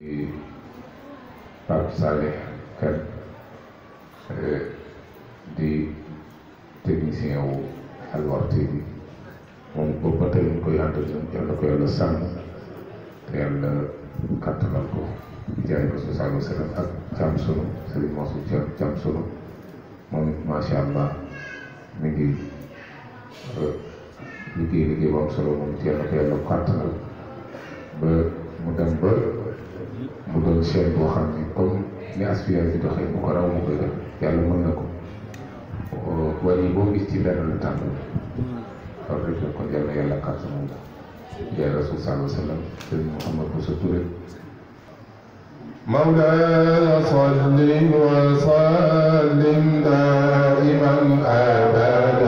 di Pape Saleh di technicien wu Alwarr TV moom boobu tey ñu koy àndal ñoom yàlla ko yàlla sàmm te yàlla kàttanal ko jaay ko su sàmm si ak Thiam Sono Serigne Mansour Thiam Thiam Sono moom it allah mi ngi liggéey liggéey bu am moom it yàlla ko yàlla kàttanal ba mu dem mu doon chaîne boo xam ne comme ni Asfiya bi doxee bu ko raw mu gën a yàlla mën na ko euh, wàll yi boo gis ci benn la tànn kon rek ko jël na yàlla kàttanam ya rasul sallallahu alayhi wa sallam sëñ Mouhamad Bousso Touré مولاي صل وسلم دائما ابدا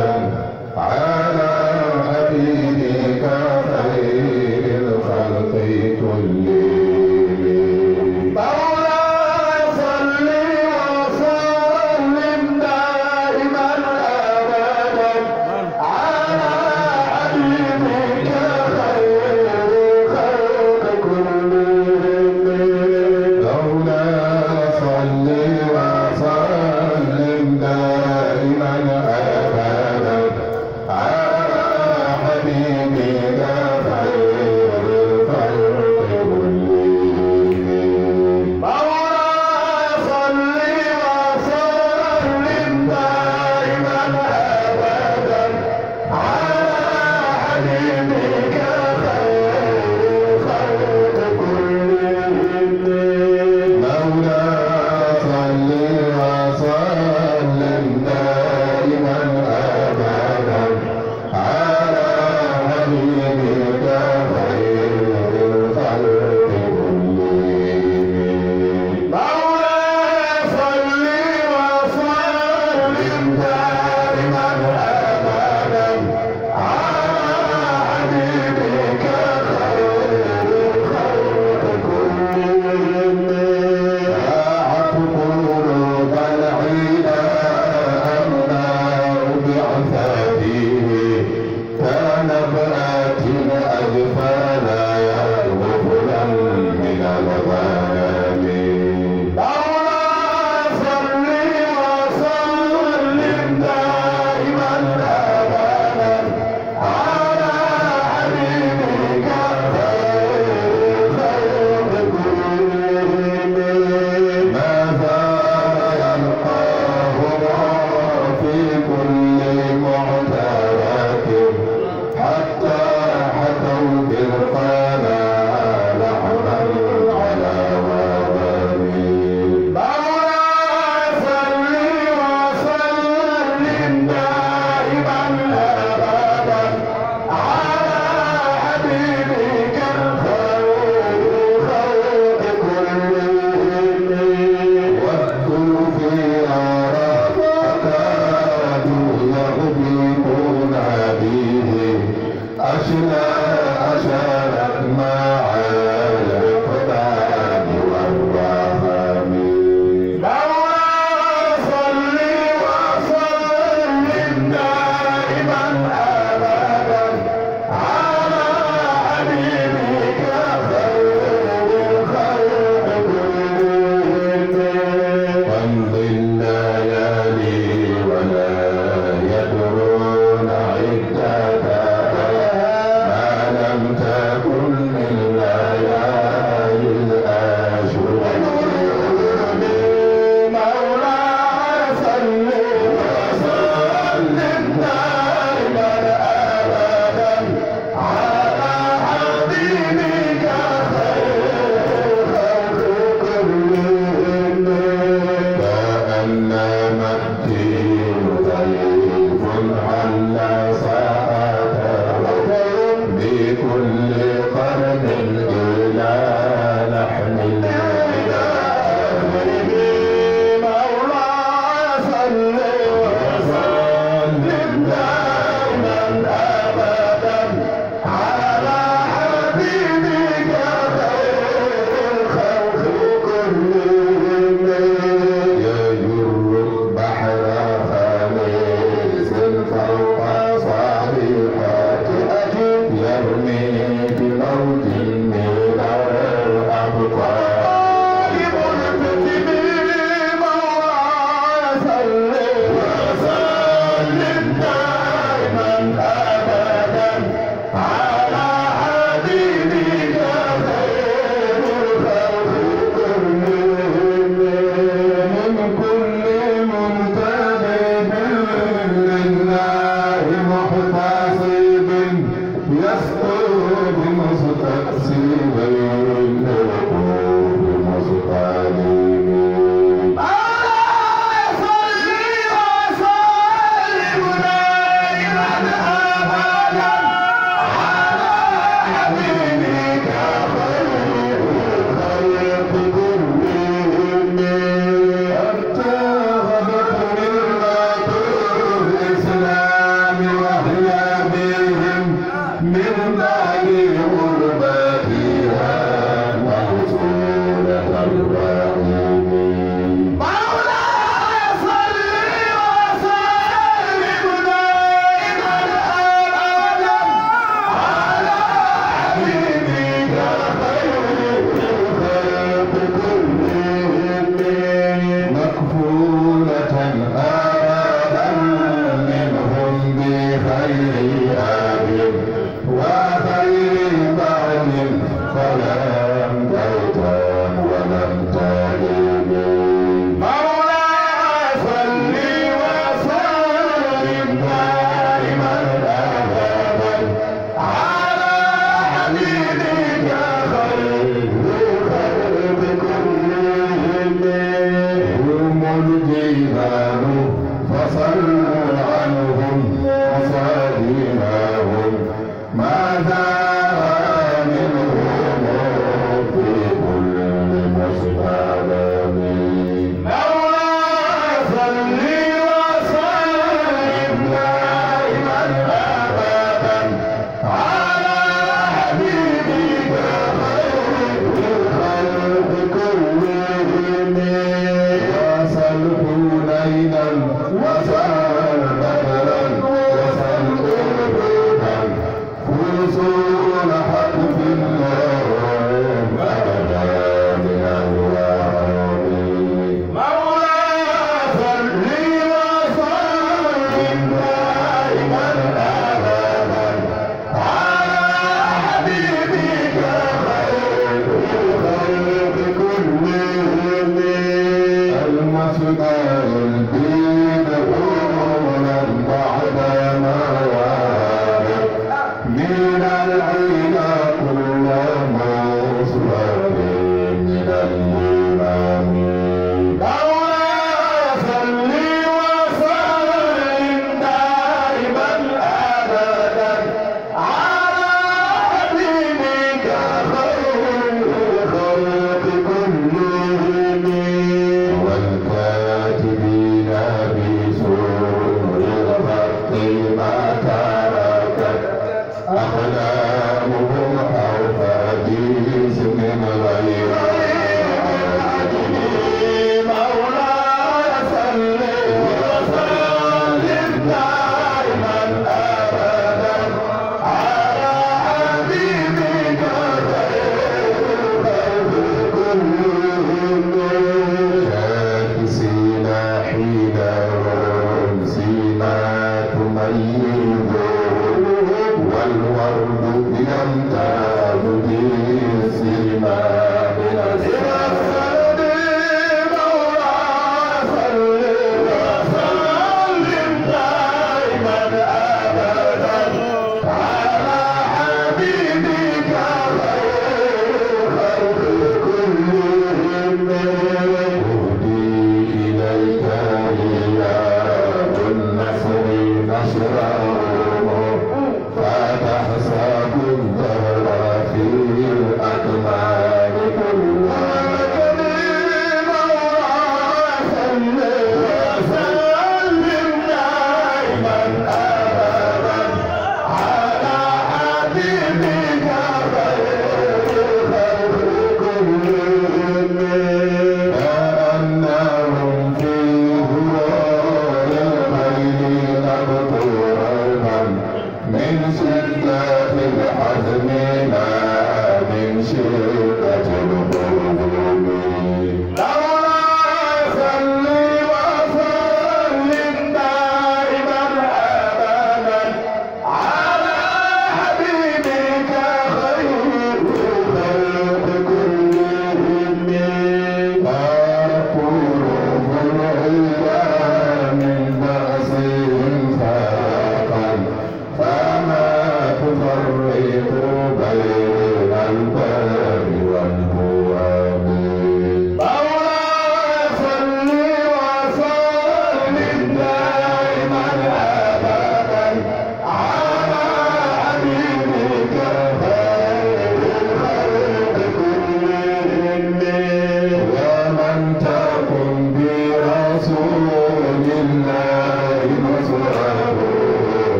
yaa